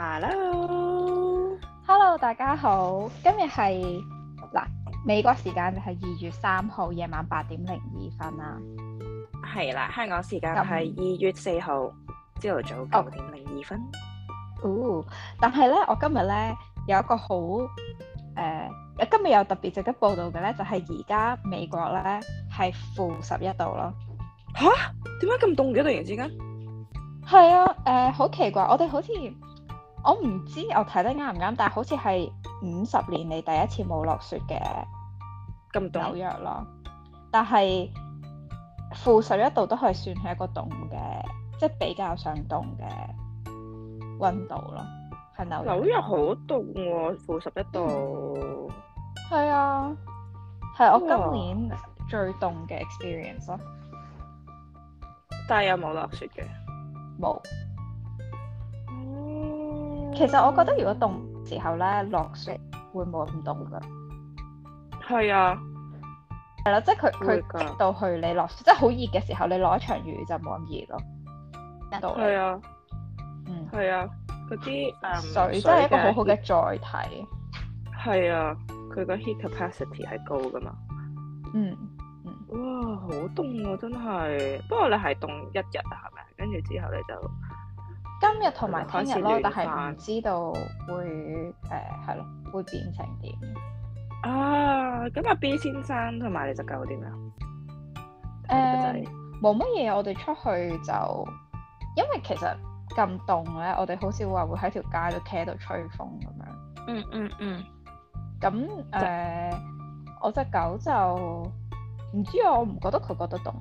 Hello，Hello，Hello，大家好。今日係嗱美國時間就係二月三號夜晚八點零二分啦。係啦，香港時間係二月四號朝頭早九點零二分。哦、嗯，但係咧，我今日咧有一個好誒、呃，今日有特別值得報道嘅咧，就係而家美國咧係負十一度咯。吓、啊？點解咁凍嘅突然之間？係啊，誒、呃，好奇怪，我哋好似。我唔知我睇得啱唔啱，但係好似係五十年嚟第一次冇落雪嘅，咁凍紐約咯。但係負十一度都係算係一個凍嘅，即係比較上凍嘅温度咯，喺紐。紐約好凍喎，負十一度。係、嗯、啊，係我今年最凍嘅 experience 咯，但係有冇落雪嘅，冇。其實我覺得如果凍時候咧落雪會冇咁凍噶係、嗯、啊，係啦，即係佢佢到去你落雪，即係好熱嘅時候，你落一場雨就冇咁熱咯，係、嗯、啊嗯，嗯，係啊，嗰啲誒水真係一個好好嘅載體，係啊，佢個 heat capacity 係高噶嘛，嗯嗯，嗯哇，好凍啊，真係，不過你係凍一日啊，係咪？跟住之後你就。今日同埋聽日咯，但係唔知道會誒係咯，會變成點？啊！咁阿 B 先生同埋你隻狗點啊？誒、呃，冇乜嘢，我哋出去就因為其實咁凍咧，我哋好少話會喺條街度企喺度吹風咁樣。嗯嗯嗯。咁誒，我隻狗就唔知啊，我唔覺得佢覺得凍。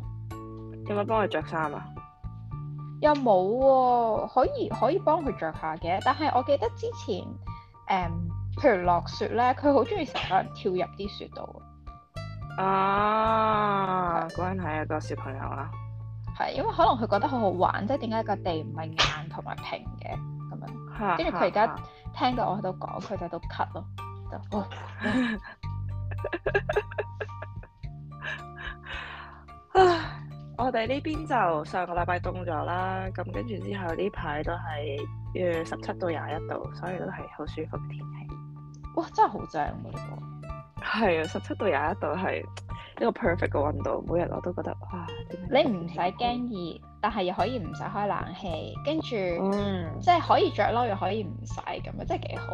點解幫佢着衫啊？又冇喎、哦，可以可以幫佢着下嘅。但係我記得之前誒、嗯，譬如落雪咧，佢好中意成班人跳入啲雪度。啊，嗰陣係一個小朋友啦。係，因為可能佢覺得好好玩，即係點解個地唔係硬同埋平嘅咁樣。跟住佢而家聽到我喺度講，佢就喺度咳咯。就 我哋呢邊就上個禮拜凍咗啦，咁跟住之後呢排都係約十七到廿一度，所以都係好舒服嘅天氣。哇，這個、真係好正喎！係啊，十七，啊、到廿一度係一個 perfect 嘅溫度，每日我都覺得哇。啊、你唔使驚熱，但係又可以唔使開冷氣，跟住、嗯、即係可以着咯，又可以唔使，咁真係幾好。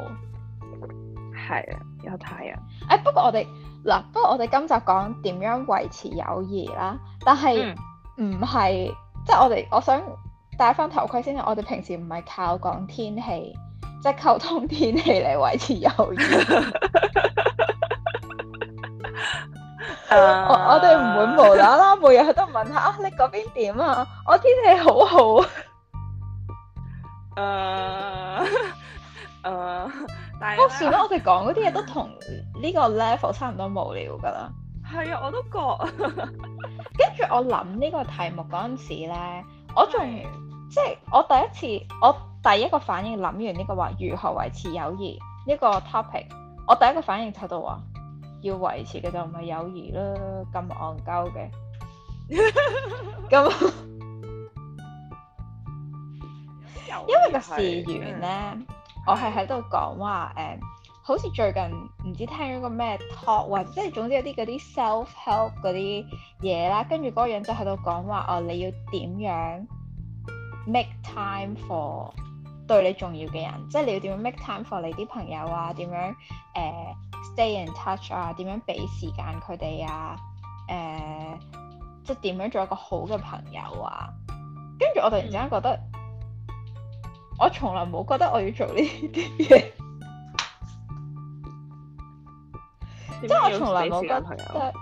係啊，有太陽。誒、哎，不過我哋嗱，不過我哋今集講點樣維持友誼啦，但係。嗯唔係，即係我哋我想戴翻頭盔先。我哋平時唔係靠講天氣，即係溝通天氣嚟維持友誼。我哋唔會無啦啦每日都喺度問下啊，你嗰邊點啊？我天氣好好、 uh, uh,。誒誒，不過算啦，我哋講嗰啲嘢都同呢個 level 差唔多無聊噶啦。係啊，我都覺。跟住我諗呢個題目嗰陣時咧，我仲，即係我第一次，我第一個反應諗完呢個話如何維持友誼呢個 topic，我第一個反應睇到話要維持嘅就唔係友誼啦，咁戇鳩嘅。咁，因為個事源咧，我係喺度講話誒。Uh, 好似最近唔知聽咗個咩 talk 或者係總之有啲嗰啲 self help 嗰啲嘢啦，跟住嗰個人就喺度講話哦，你要點樣 make time for 對你重要嘅人，即係你要點樣 make time for 你啲朋友啊？點樣誒、呃、stay in touch 啊？點樣俾時間佢哋啊？誒即係點樣做一個好嘅朋友啊？跟住我突然之間覺得，我從來冇覺得我要做呢啲嘢。即係我從來冇覺得，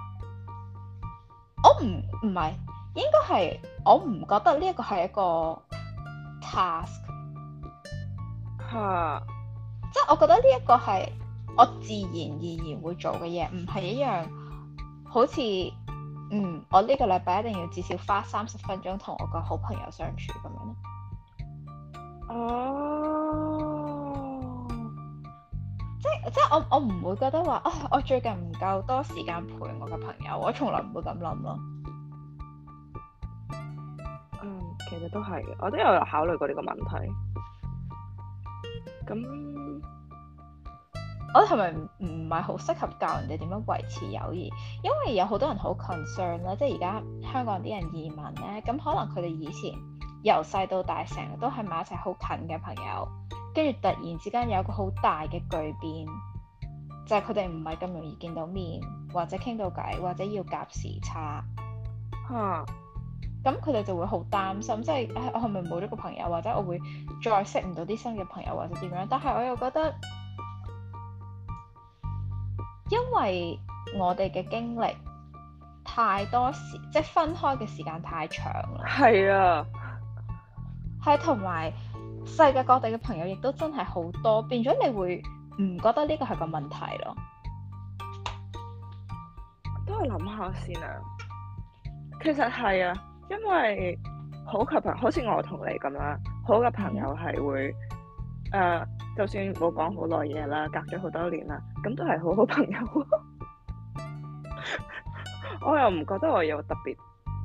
我唔唔係，應該係我唔覺得呢一個係一個 task。係， 即係我覺得呢一個係我自然而然會做嘅嘢，唔係一樣好似嗯，我呢個禮拜一定要至少花三十分鐘同我個好朋友相處咁樣。哦、uh。即係我我唔會覺得話啊我最近唔夠多時間陪我嘅朋友，我從來唔會咁諗咯。嗯，其實都係，我都有考慮過呢個問題。咁我覺得係咪唔唔係好適合教人哋點樣維持友誼？因為有好多人好 concern 咧，即係而家香港啲人移民咧，咁可能佢哋以前由細到大成日都係埋一齊好近嘅朋友。跟住突然之間有一個好大嘅巨變，就係佢哋唔係咁容易見到面，或者傾到偈，或者要夾時差。嚇、啊！咁佢哋就會好擔心，即係、哎、我係咪冇咗個朋友，或者我會再識唔到啲新嘅朋友，或者點樣？但係我又覺得，因為我哋嘅經歷太多時，即係分開嘅時間太長啦。係啊，係同埋。世界各地嘅朋友亦都真係好多，變咗你會唔覺得呢個係個問題咯。都係諗下先啊。其實係啊，因為好嘅朋友，好似我同你咁啦，好嘅朋友係會誒、mm hmm. 呃，就算冇講好耐嘢啦，隔咗好多年啦，咁都係好好朋友，啊。 我又唔覺得我有特別。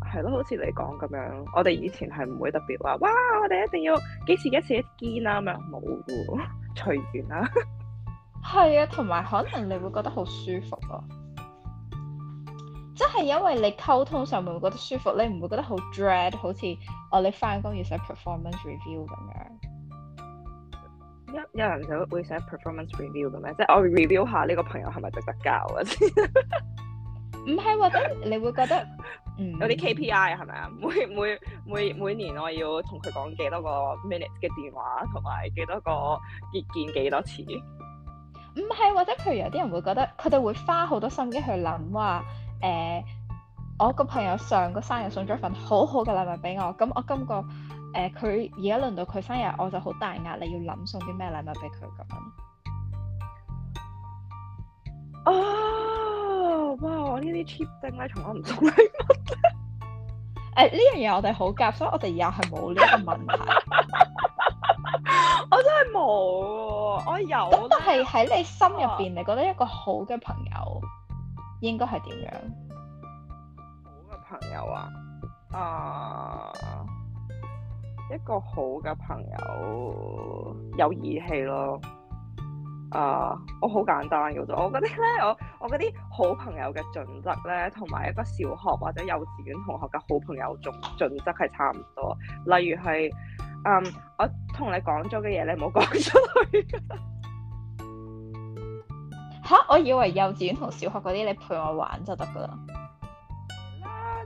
係咯，好似你講咁樣，我哋以前係唔會特別話，哇！我哋一定要幾時幾次，一見啊，咁樣冇噶，隨緣啦。係啊，同埋可能你會覺得好舒服咯， 即係因為你溝通上面會會覺得舒服，你唔會覺得 read, 好 dread？好似哦，你翻工，要寫 performance review 咁樣一。一有人就會寫 performance review 嘅咩？即係我 review 下呢個朋友係咪值得教啊？唔係喎，或者會覺得？ 嗯、有啲 KPI 係咪啊？每每每每年我要同佢講幾多個 minute 嘅電話，同埋幾多個見見幾多次。唔係，或者譬如有啲人會覺得佢哋會花好多心機去諗話，誒、呃，我個朋友上個生日送咗一份好好嘅禮物俾我，咁我今個誒佢而家輪到佢生日，我就好大壓力要諗送啲咩禮物俾佢咁。哦、啊。哇！我呢啲 cheap thing，咧，從來唔送禮物。誒，呢樣嘢我哋好夾，所以我哋又係冇呢一個問題。 我真係冇，我有。咁但係喺你心入邊，啊、你覺得一個好嘅朋友應該係點樣？好嘅朋友啊，啊、uh, 一個好嘅朋友有義氣咯。啊、uh,！我好簡單㗎咋，我覺得咧，我我嗰啲好朋友嘅準則咧，同埋一個小學或者幼稚園同學嘅好朋友準準則係差唔多。例如係，嗯、um,，我同你講咗嘅嘢，你唔好講出去。嚇！我以為幼稚園同小學嗰啲，你陪我玩就得噶啦。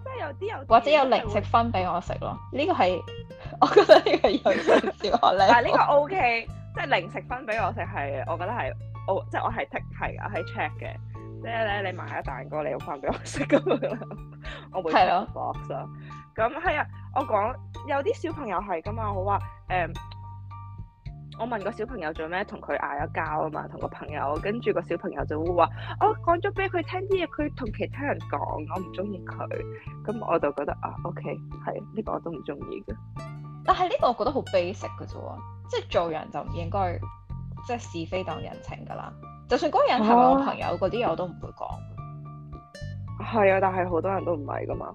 即係、啊、有啲有，或者有零食分俾我食咯。呢個係我覺得呢個幼稚園、小學咧。嗱、 啊，呢、這個 OK。即係零食分俾我食係，我覺得係我即係我係 tick 係我係 check 嘅。即係咧你買咗蛋糕你要分俾我食咁樣，我會發火咯。咁係啊，我講有啲小朋友係噶嘛，我話誒、嗯，我問個小朋友做咩，同佢嗌咗交啊嘛，同個朋友，跟住個小朋友就會話，我講咗俾佢聽啲嘢，佢同其他人講，我唔中意佢，咁、嗯、我就覺得啊，OK，係呢、這個我都唔中意嘅。但係呢個我覺得好 basic 嘅啫，即係做人就唔應該即係是非當人情噶啦。就算嗰個人係、啊、我朋友，嗰啲我都唔會講。係啊，但係好多人都唔係噶嘛。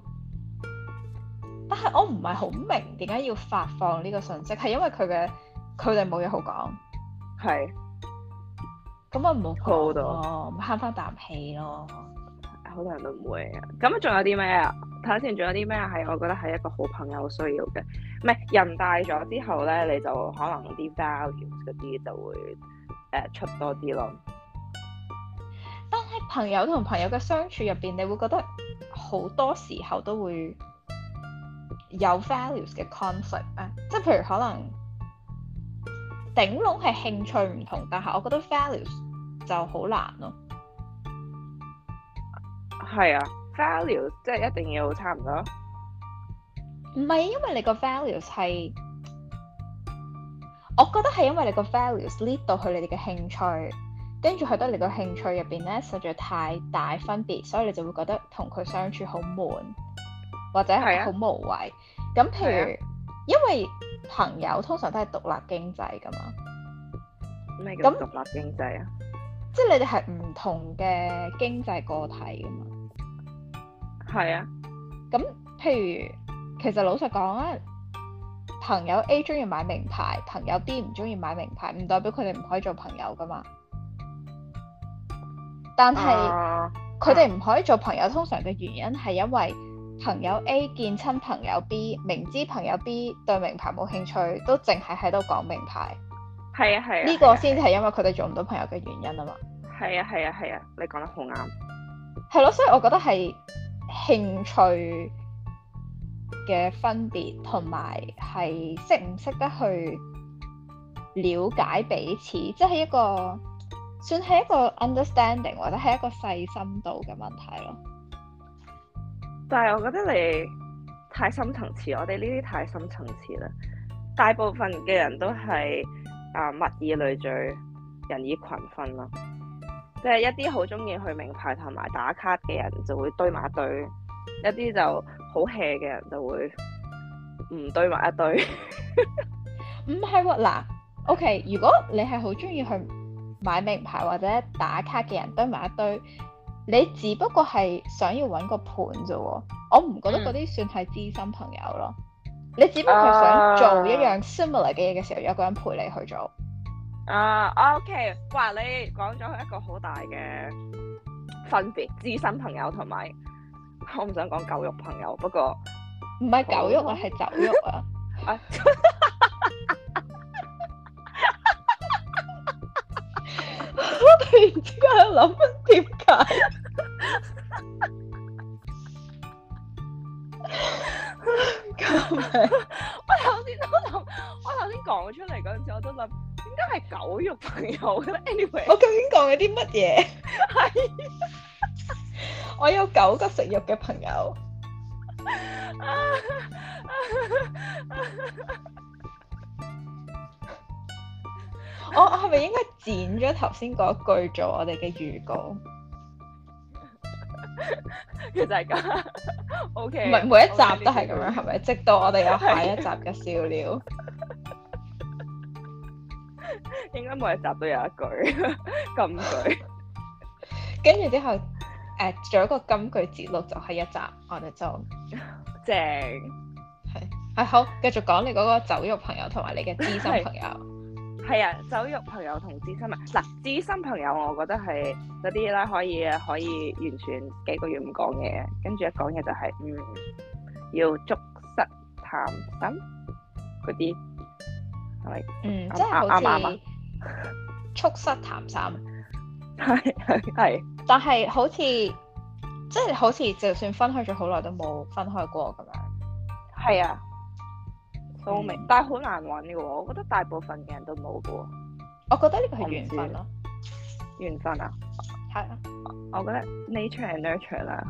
但係我唔係好明點解要發放呢個信息，係因為佢嘅佢哋冇嘢好講。係。咁啊，唔好告到，慳翻啖氣咯。好多人都唔會啊！咁仲有啲咩啊？睇下先，仲有啲咩係我覺得係一個好朋友需要嘅？唔係人大咗之後咧，你就可能啲 values 嗰啲就會誒、呃、出多啲咯。但係朋友同朋友嘅相處入邊，你會覺得好多時候都會有 values 嘅 concept 啊！即係譬如可能頂籠係興趣唔同，但係我覺得 values 就好難咯、啊。係啊，values 即係一定要差唔多。唔係，因為你個 values 係，我覺得係因為你個 values lead 到去你哋嘅興趣，跟住去到你個興趣入邊咧實在太大分別，所以你就會覺得同佢相處好悶，或者係好無謂。咁、啊、譬如，啊、因為朋友通常都係獨立經濟噶嘛。咩叫獨立經濟啊？咁即係你哋係唔同嘅經濟個體噶嘛？係啊，咁、嗯、譬如，其實老實講啊，朋友 A 中意買名牌，朋友 B 唔中意買名牌，唔代表佢哋唔可以做朋友噶嘛。但係佢哋唔可以做朋友，通常嘅原因係因為朋友 A 見親朋友 B，明知朋友 B 對名牌冇興趣，都淨係喺度講名牌。係啊係啊，呢個先至係因為佢哋做唔到朋友嘅原因啊嘛。係啊係啊係啊，啊，啊，你講得好啱。係咯，所以我覺得係。興趣嘅分別同埋係識唔識得去了解彼此，即係一個算係一個 understanding，或者係一個細心度嘅問題咯。但係我覺得你太深層次，我哋呢啲太深層次啦。大部分嘅人都係啊、呃、物以類聚，人以群分啦。即係一啲好中意去名牌同埋打卡嘅人就會堆埋一堆，一啲就好 hea 嘅人就會唔堆埋一堆。唔係喎，嗱，OK，如果你係好中意去買名牌或者打卡嘅人堆埋一堆，你只不過係想要揾個伴啫喎，我唔覺得嗰啲算係知心朋友咯。嗯、你只不過係想做一樣 similar 嘅嘢嘅時候，有、啊、一個人陪你去做。啊，OK，哇！你講咗一個好大嘅分別，知心朋友同埋，我唔想講狗肉朋友，不過唔係狗肉啊，係酒肉啊！我突然之間喺度諗點解？我頭先都諗，我頭先講出嚟嗰陣時我都諗。都係狗肉朋友嘅，anyway。我究竟講緊啲乜嘢？係我有九個食肉嘅朋友。我我係咪應該剪咗頭先嗰句做我哋嘅預告，其實係咁。O K。唔係每一集都係咁樣，係咪？直到我哋有下一集嘅笑料。應該每一集都有一句 金句，跟住 之後誒，仲有、呃、一個金句節錄就係一集，我哋就正係係、啊、好，繼續講你嗰個酒肉朋友同埋你嘅知心朋友。係 啊，酒肉朋友同知心啊，嗱，知心朋友我覺得係嗰啲啦，可以可以完全幾個月唔講嘢，跟住一講嘢就係、是、嗯，要促膝談心嗰啲係咪？是是嗯，嗯嗯即係好似、啊。啊啊啊啊啊啊促膝談心，係係係， 但係好似即係好似就算分開咗好耐都冇分開過咁樣，係啊，都明、嗯，但係好難搵嘅喎，我覺得大部分嘅人都冇嘅喎，我覺得呢個係緣分咯，緣分啊，係啊，啊我覺得 nature and nurture 啦，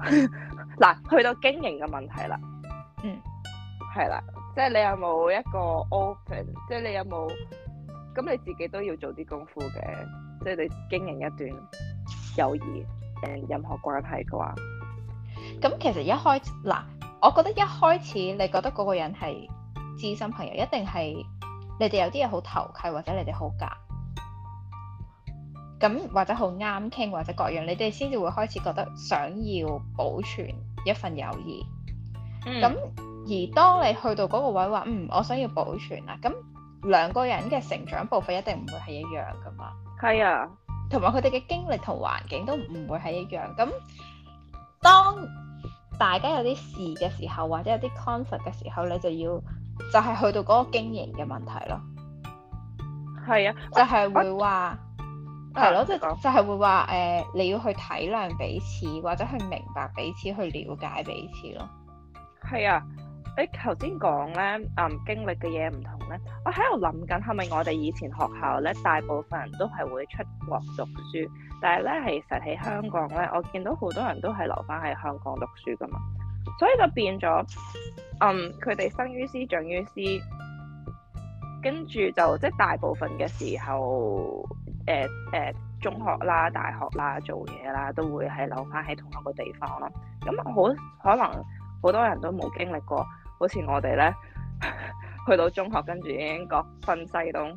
嗱，去到經營嘅問題啦，嗯，係啦、啊，即係你有冇一個 open，即係你有冇？咁你自己都要做啲功夫嘅，即係你經營一段友誼誒，任何關係嘅話，咁、嗯、其實一開嗱，我覺得一開始你覺得嗰個人係知心朋友，一定係你哋有啲嘢好投契，或者你哋好夾，咁或者好啱傾，或者各樣，你哋先至會開始覺得想要保存一份友誼。嗯。咁而當你去到嗰個位話，嗯，我想要保存啦，咁。兩個人嘅成長部分一定唔會係一樣㗎嘛，係啊，同埋佢哋嘅經歷同環境都唔會係一樣。咁當大家有啲事嘅時候，或者有啲 conflict 嘅時候，你就要就係去到嗰個經營嘅問題咯。係啊，就係會話係咯，即係就係會話誒、呃，你要去體諒彼此，或者去明白彼此，去了解彼此咯。係啊。你頭先講咧，嗯，經歷嘅嘢唔同咧，我喺度諗緊係咪我哋以前學校咧，大部分人都係會出國讀書，但係咧其實喺香港咧，我見到好多人都係留翻喺香港讀書噶嘛，所以就變咗，嗯，佢哋生於斯長於斯，跟住就即係、就係、大部分嘅時候，誒、呃、誒、呃、中學啦、大學啦、做嘢啦，都會係留翻喺同一個地方啦。咁好可能好多人都冇經歷過。好似我哋咧，去到中學跟住已經各分西東，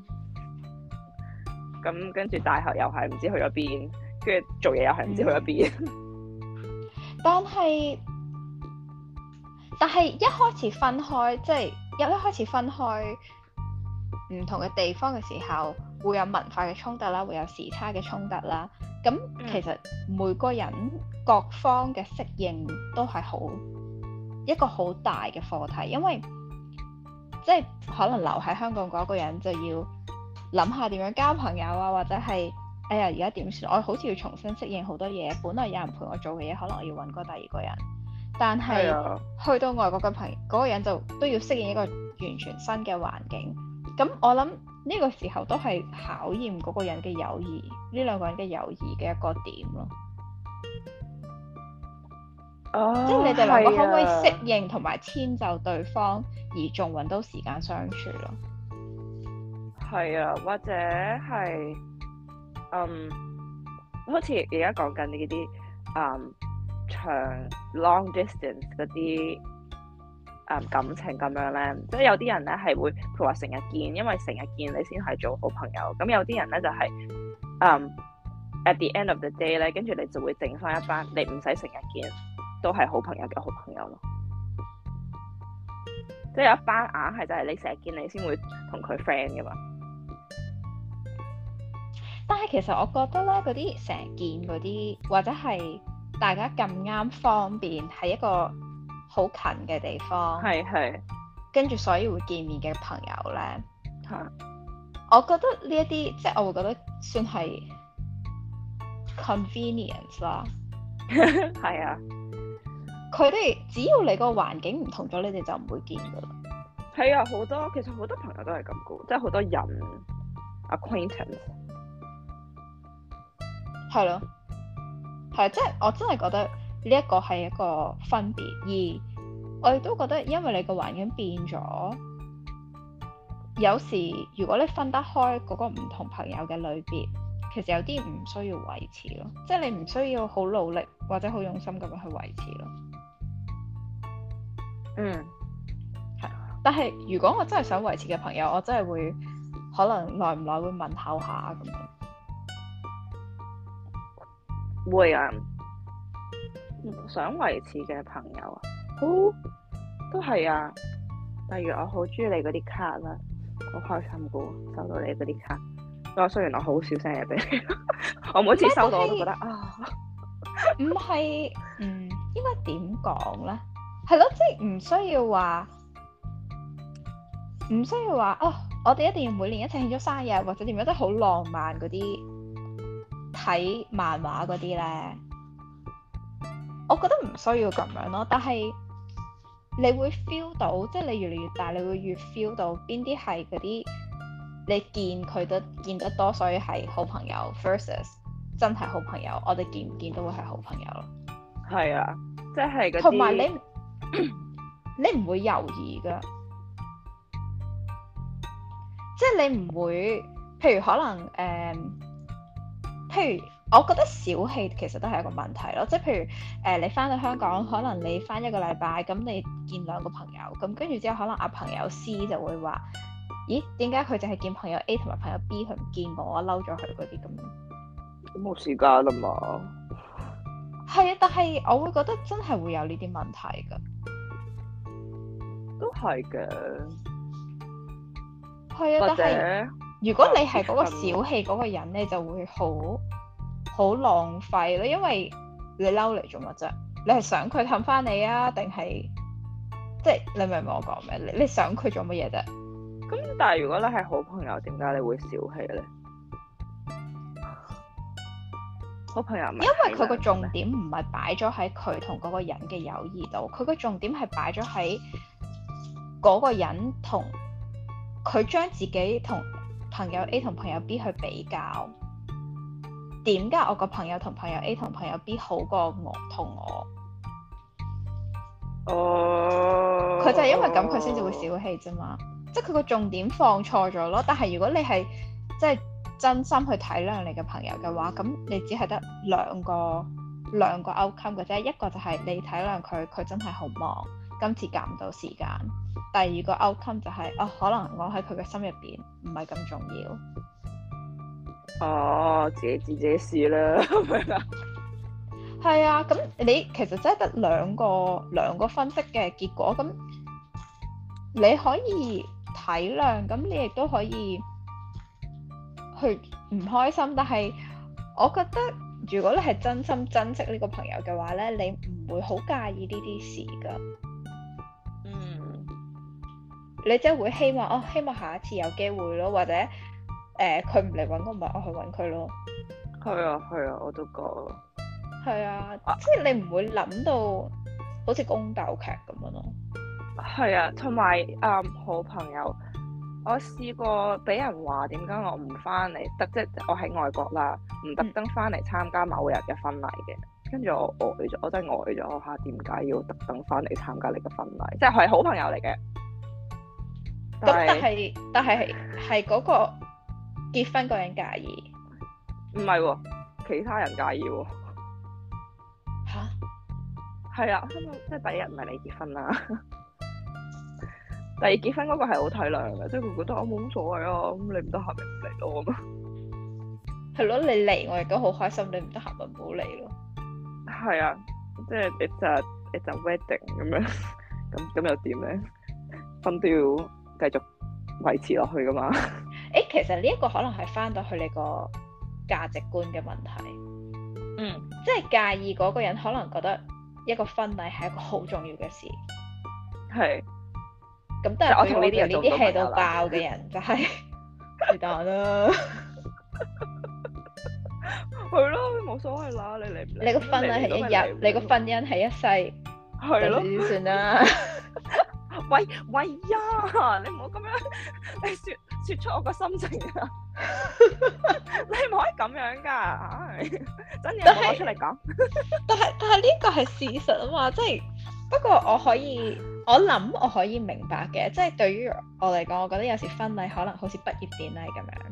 咁跟住大學又係唔知去咗邊，跟住做嘢又係唔知去咗邊、嗯。 但係，但係一開始分開，即係一一開始分開唔同嘅地方嘅時候，會有文化嘅衝突啦，會有時差嘅衝突啦。咁其實每個人、嗯、各方嘅適應都係好。一個好大嘅課題，因為即係可能留喺香港嗰個人就要諗下點樣交朋友啊，或者係哎呀而家點算？我好似要重新適應好多嘢，本來有人陪我做嘅嘢，可能我要揾個第二個人。但係的去到外國嘅朋友嗰個人就都要適應一個完全新嘅環境。咁我諗呢個時候都係考驗嗰個人嘅友誼，呢兩個人嘅友誼嘅一個點咯。Oh, 即係你哋兩個可唔可以適應同埋遷就對方，啊、而仲揾到時間相處咯？係啊，或者係嗯，好似而家講緊啲嗰啲嗯長 long distance 嗰啲嗯感情咁樣咧，即係有啲人咧係會譬如話成日見，因為成日見你先係做好朋友。咁有啲人咧就係、是、嗯 at the end of the day 咧，跟住你就會定翻一班，你唔使成日見。都係好朋友嘅好朋友咯，即係有一班硬係，就係你成日見你先會同佢 friend 噶嘛。但係其實我覺得咧，嗰啲成日見嗰啲，或者係大家咁啱方便，係一個好近嘅地方，係係是，跟住所以會見面嘅朋友咧，啊、我覺得呢一啲，即係我會覺得算係 convenience 咯，係 啊。佢哋只要你個環境唔同咗，你哋就唔會見噶啦。係啊，好多其實好多朋友都係咁噶，即係好多人 acquaintance 係咯，係即係我真係覺得呢一個係一個分別，而我亦都覺得因為你個環境變咗，有時如果你分得開嗰個唔同朋友嘅類別，其實有啲唔需要維持咯，即係你唔需要好努力或者好用心咁樣去維持咯。嗯，係，但係如果我真係想維持嘅朋友，我真係會可能耐唔耐會問候下咁樣。會啊，想維持嘅朋友，哦、啊，好都係啊。例如我好中意你嗰啲卡啦，好開心噶，收到你嗰啲卡。不過雖然我好少聲嘢俾你， 我每次收到是我都覺得啊，唔 係，嗯，應該點講咧？係咯、嗯，即係唔需要話，唔需要話哦。我哋一定要每年一齊慶祝生日，或者點樣都好浪漫嗰啲睇漫畫嗰啲咧。我覺得唔需要咁樣咯。但係你會 feel 到，即係你越嚟越大，你會越 feel 到邊啲係嗰啲你見佢都見得多，所以係好朋友。versus 真係好朋友，我哋見唔見都會係好朋友咯。係啊，即係嗰啲同埋你。 你唔會猶豫噶，即係你唔會，譬如可能誒、呃，譬如我覺得小氣其實都係一個問題咯。即係譬如誒、呃，你翻到香港，可能你翻一個禮拜，咁你見兩個朋友，咁跟住之後可能阿朋友 C 就會話：咦，點解佢淨係見朋友 A 同埋朋友 B，佢唔見我，我嬲咗佢嗰啲咁。冇時間啊嘛。係啊，但係我會覺得真係會有呢啲問題噶，都係嘅。係啊對，者但係如果你係嗰個小氣嗰個人咧，呃、就會好好浪費咯。因為你嬲嚟做乜啫？你係想佢氹翻你啊？定係即係你明唔明我講咩？你你想佢做乜嘢啫？咁但係如果你係好朋友，點解你會小氣咧？因為佢個重點唔係擺咗喺佢同嗰個人嘅友誼度，佢個重點係擺咗喺嗰個人同佢將自己同朋友 A 同朋友 B 去比較，點解我個朋友同朋友 A 同朋友 B 好過我同我？哦，佢就係因為咁，佢先至會小氣啫嘛。即係佢個重點放錯咗咯。但係如果你係即係，真心去體諒你嘅朋友嘅話，咁你只係得兩個兩個 outcome 嘅啫。一個就係你體諒佢，佢真係好忙，今次夾唔到時間；第二個 outcome 就係、是、哦、啊，可能我喺佢嘅心入邊唔係咁重要。哦、啊，自己知自己事啦，咁 啊。係啊，咁你其實真係得兩個兩個分析嘅結果。咁你可以體諒，咁你亦都可以。佢唔開心，但係我覺得如果你係真心珍惜呢個朋友嘅話咧，你唔會好介意呢啲事噶。嗯，你即係會希望哦，希望下一次有機會咯，或者誒佢唔嚟揾我，唔、呃、係我去揾佢咯。係啊，係啊，我都覺。係啊，啊即係你唔會諗到好似宮鬥劇咁樣咯。係啊，同埋嗯，好朋友。我試過俾人話點解我唔翻嚟，特即係我喺外國啦，唔特登翻嚟參加某日嘅婚禮嘅。跟住、嗯、我呆咗，我真係呆咗，我嚇點解要特登翻嚟參加你嘅婚禮？即係係好朋友嚟嘅。但係，但係係嗰個結婚嗰人介意，唔係喎，其他人介意喎。嚇？係啊，即係第一日唔係你結婚啦。第二結婚嗰個係好體諒嘅，即係佢覺得我冇乜所謂啊，咁你唔得閒咪唔嚟咯咁啊。係咯，你嚟我亦都好開心，你唔得閒咪唔好嚟咯。係啊，即係你就你就 wedding 咁樣，咁咁又點咧？婚都要繼續維持落去噶嘛？誒，其實呢一個可能係翻到去你個價值觀嘅問題。嗯，即係介意嗰個人可能覺得一個婚禮係一個好重要嘅事。係。Hey. 咁都係我同呢啲呢啲氣到爆嘅人就係衰蛋啦，係咯，冇所謂啦，你嚟唔嚟？你個婚禮係一日，你個婚姻係一世，係咯， 算啦。 喂喂呀，你唔好咁樣，你說說出我個心情啊！ 你唔可以咁樣噶， 真嘢唔好出嚟講。但係但係呢個係事實啊嘛，即係不過我可以。我諗我可以明白嘅，即係對於我嚟講，我覺得有時婚禮可能好似畢業典禮咁樣。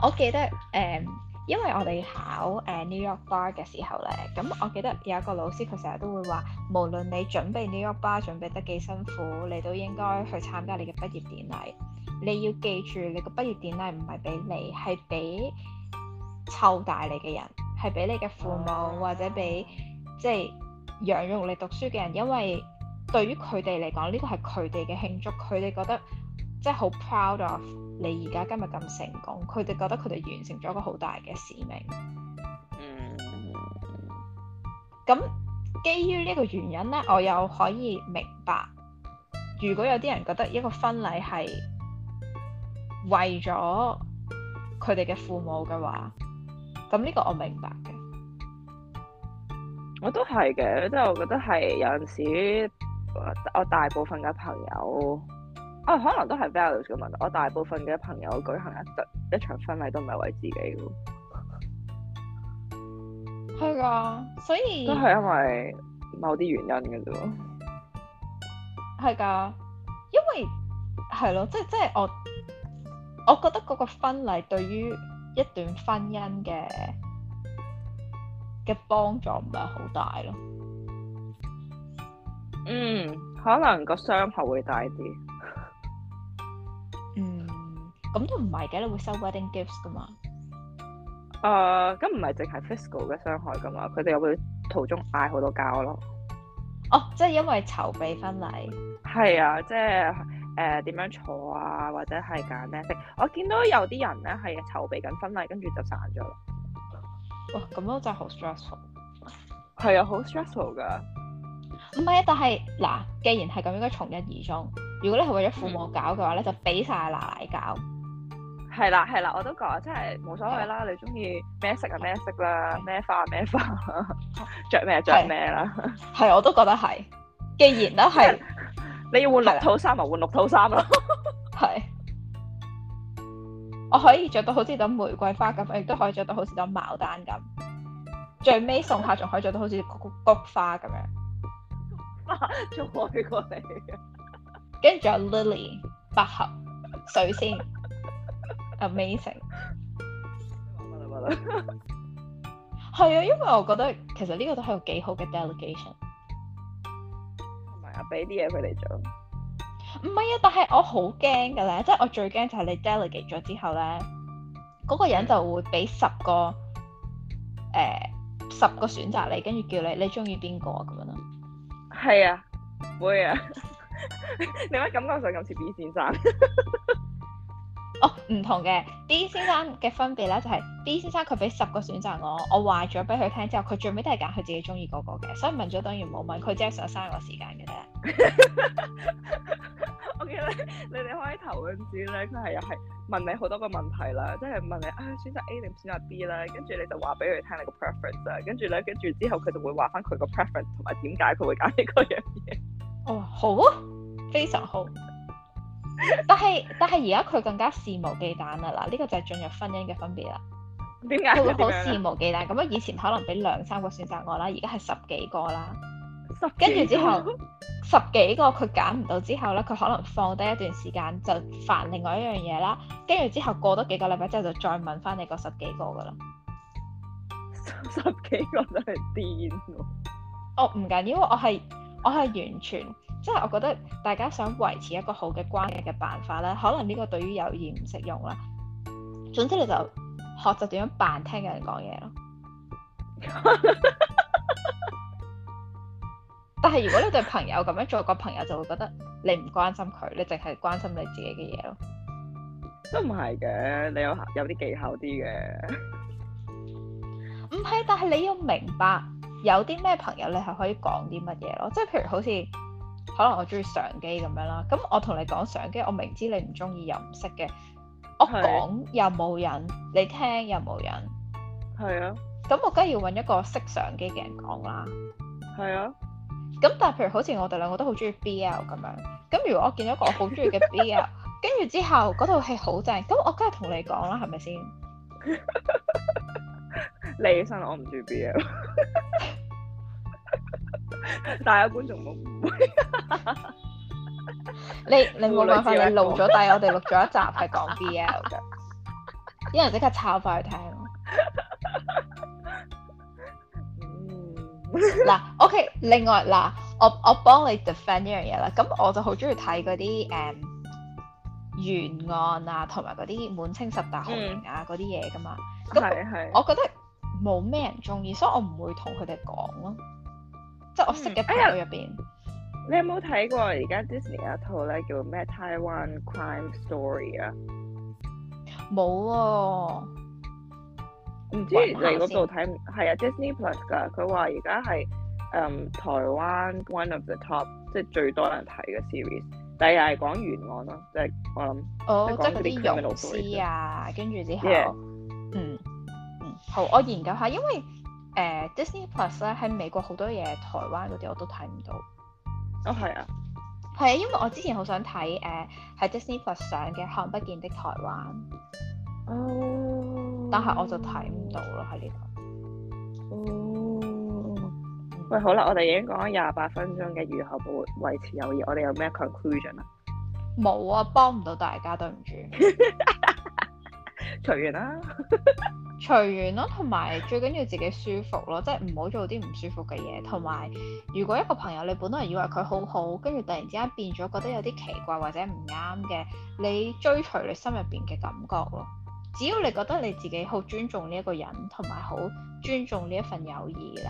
我記得誒、呃，因為我哋考誒、呃、New York Bar 嘅時候咧，咁我記得有一個老師，佢成日都會話，無論你準備 New York Bar 準備得幾辛苦，你都應該去參加你嘅畢業典禮。你要記住，你個畢業典禮唔係俾你，係俾湊大你嘅人，係俾你嘅父母或者俾即係養育你讀書嘅人，因為，對於佢哋嚟講，呢個係佢哋嘅慶祝，佢哋覺得即係好 proud of 你而家今日咁成功，佢哋覺得佢哋完成咗一個好大嘅使命。嗯，咁基於呢個原因呢，我又可以明白，如果有啲人覺得一個婚禮係為咗佢哋嘅父母嘅話，咁呢個我明白嘅。我都係嘅，即係我覺得係有陣時。我大部分嘅朋友，我、啊、可能都係 values 嘅問題。我大部分嘅朋友舉行一對一場婚禮都唔係為自己噶，係噶，所以都係因為某啲原因嘅啫。係噶，因為係咯，即係即係我，我覺得嗰個婚禮對於一段婚姻嘅嘅幫助唔係好大咯。嗯，可能個傷害會大啲。嗯，咁都唔係嘅，你會收 wedding gifts 噶嘛？誒、呃，咁唔係淨係 fiscal 嘅傷害噶嘛？佢哋又會途中嗌好多交咯。哦，即係因為籌備婚禮。係 啊，即係誒，點、呃、樣坐啊，或者係揀咩？我見到有啲人咧係籌備緊婚禮，跟住就散咗啦。哇，咁都真係好 stressful。係 啊，好 stressful 噶。唔係，但係嗱，既然係咁，應該從一而終。如果你係為咗父母搞嘅話咧，嗯、就俾晒奶奶搞。係啦係啦，我都覺，真係冇所謂啦。你中意咩色啊咩色啦，咩花啊咩花，着咩着咩啦。係，我都覺得係。既然都係， 你要換六套衫咪換六套衫咯。係，我可以着到好似朵玫瑰花咁，亦都可以着到好似朵牡丹咁。最尾送客仲可以着到好似菊菊花咁樣。仲愛過你，跟住仲有，有 Lily 百 合水仙 ，Amazing。係啊，因為我覺得其實呢個都係個幾好嘅 delegation，同埋俾、oh、啲嘢佢哋做。唔係啊，但係我好驚嘅咧，即、就、係、是、我最驚就係你 delegate 咗之後咧，嗰、那個人就會俾十個誒十、呃、個選擇你，跟住叫你你中意邊個咁樣咯。係啊，會啊， 你咩感覺上咁似 B 先生？ 唔、oh, 同嘅 B 先生嘅分別咧，就係 B 先生佢俾十個選擇我，我話咗俾佢聽之後，佢最尾都係揀佢自己中意嗰個嘅，所以問咗當然冇問，佢 just 想嘥我時間嘅啫。O K 咧，你哋開頭嗰陣時咧，佢係又係問你好多個問題啦，即係問你啊，選擇 A 定選擇 B 咧，跟住你就話俾佢聽你個 preference，跟住咧，跟住之後佢就會話翻佢個 preference 同埋點解佢會揀呢個樣嘢。哦，oh, 好，啊，非常好。 但係但係而家佢更加肆無忌憚啦，嗱、這、呢個就係進入婚姻嘅分別啦。點解佢會好肆無忌憚？咁樣 以前可能俾兩三個選擇我啦，而家係十幾個啦。跟住之後十幾個佢揀唔到之後咧，佢可能放低一段時間就煩另外一樣嘢啦。跟住之後過多幾個禮拜之後就再問翻你嗰十幾個噶啦。十幾個真係癲啊！我唔緊要，我係我係完全。即係我覺得大家想維持一個好嘅關係嘅辦法咧，可能呢個對於友誼唔適用啦。總之你就學習點樣扮聽人講嘢咯。 但係如果你對朋友咁樣做，個朋友就會覺得你唔關心佢，你淨係關心你自己嘅嘢咯。都唔係嘅，你有有啲技巧啲嘅。唔 係，但係你要明白有啲咩朋友你係可以講啲乜嘢咯，即係譬如好似。可能我中意相機咁樣啦，咁我同你講相機，我明知你唔中意又唔識嘅，我講又冇人，你聽又冇人，係啊的，咁我梗係要揾一個識相機嘅人講啦，係啊的，咁但係譬如好似我哋兩個都好中意 BL 咁樣，咁如果我見到一個我好中意嘅 BL，跟住 之後嗰套戲好正，咁我梗係同你講啦，係咪先？你信我唔中意 BL。 但係觀眾冇，你你冇辦法，你錄咗，但係我哋錄咗一集係講 B L 嘅，啲人 即刻抄翻去聽咯。嗱、 嗯、 ，OK，另外嗱，我我幫你 defend 呢樣嘢啦，咁我就好中意睇嗰啲誒懸案啊，同埋嗰啲滿清十大酷刑啊嗰啲嘢噶嘛，咁我是我覺得冇咩人中意，所以我唔會同佢哋講咯。即係我識嘅朋友入邊，你有冇睇過而家 Disney 有一套咧叫咩《台灣 Crime Story》啊？冇喎、啊，唔知你嗰度睇唔係啊？Disney Plus 㗎，佢話而家係嗯台灣 One of the top 即係最多人睇嘅 series，第二係講懸案咯，即係我諗，哦，即係啲肉絲啊，跟住 stories 之後，Yeah. 嗯嗯，嗯，好，我研究下，因為。誒、uh, Disney Plus 咧喺美國好多嘢，台灣嗰啲我都睇唔到。哦，係啊，係啊，因為我之前好想睇誒喺 Disney Plus 上嘅《看不見的台灣》。哦、oh，但係我就睇唔到咯喺呢度。哦、oh。喂，好啦，我哋已經講咗廿八分鐘嘅如何保維持友誼，我哋有咩 conclusion 啊？冇啊，幫唔到大家，對唔住。隨緣啦。 隨緣咯，同埋最緊要自己舒服咯，即係唔好做啲唔舒服嘅嘢。同埋如果一個朋友你本來以為佢好好，跟住突然之間變咗覺得有啲奇怪或者唔啱嘅，你追隨你心入邊嘅感覺咯。只要你覺得你自己好尊重呢一個人，同埋好尊重呢一份友誼咧，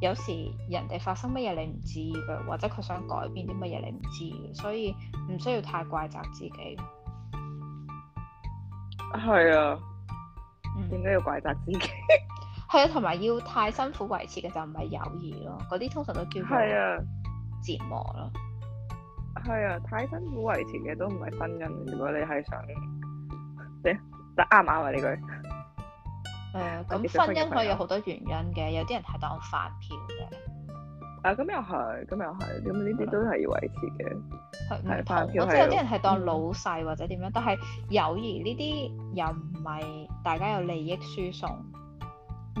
有時人哋發生乜嘢你唔知嘅，或者佢想改變啲乜嘢你唔知，所以唔需要太怪責自己。係啊。點解要怪責自己？ 係啊，同埋要太辛苦維持嘅就唔係友誼咯，嗰啲通常都叫做折磨咯。係啊，啊，太辛苦維持嘅都唔係婚姻。如果你係想，即啱唔啱啊？呢 句、啊，誒，咁婚姻可以有好多原因嘅， 有啲人係當飯票嘅。啊，咁又係，咁又係，咁呢啲都係要維持嘅。 佢唔同，即係有啲人係當老細或者點樣，嗯、但係友誼呢啲又唔係大家有利益輸送，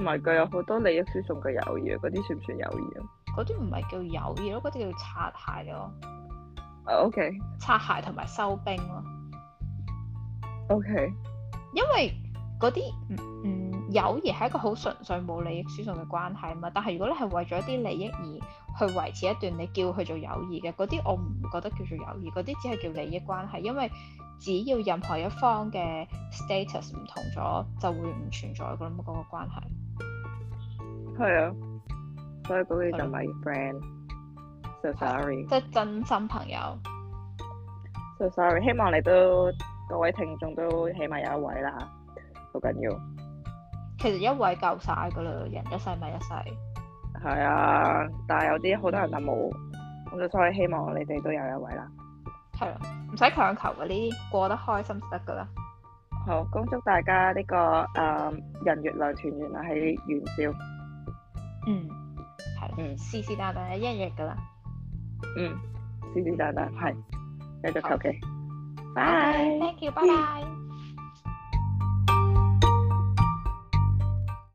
唔係佢有好多利益輸送嘅友誼，嗰啲算唔算友誼啊？嗰啲唔係叫友誼咯，嗰啲叫擦鞋咯。OK，擦鞋同埋收兵咯。OK。因為。嗰啲嗯、友誼係一個好純粹冇利益輸送嘅關係啊嘛，但係如果你係為咗一啲利益而去維持一段你叫佢做友誼嘅嗰啲，我唔覺得叫做友誼，嗰啲只係叫利益關係。因為只要任何一方嘅 status 唔同咗，就會唔存在嗰個嗰個關係。係啊，所以嗰啲就係 my friend 了。So sorry，即係真心朋友。So sorry，希望你都各位聽眾都起碼有一位啦。好緊要，其實一位夠晒噶啦，人一世咪一世，係 啊，但係有啲好多人就冇，咁就所以希望你哋都有一位啦，係啦，唔使強求嗰啲，過得開心就得噶啦，好，恭祝大家呢、這個誒、嗯、人月兩團圓啊，喺元宵，嗯，係，嗯，事事大大一日噶啦，嗯，事事大大係，呢個求 k 拜，thank you，拜拜。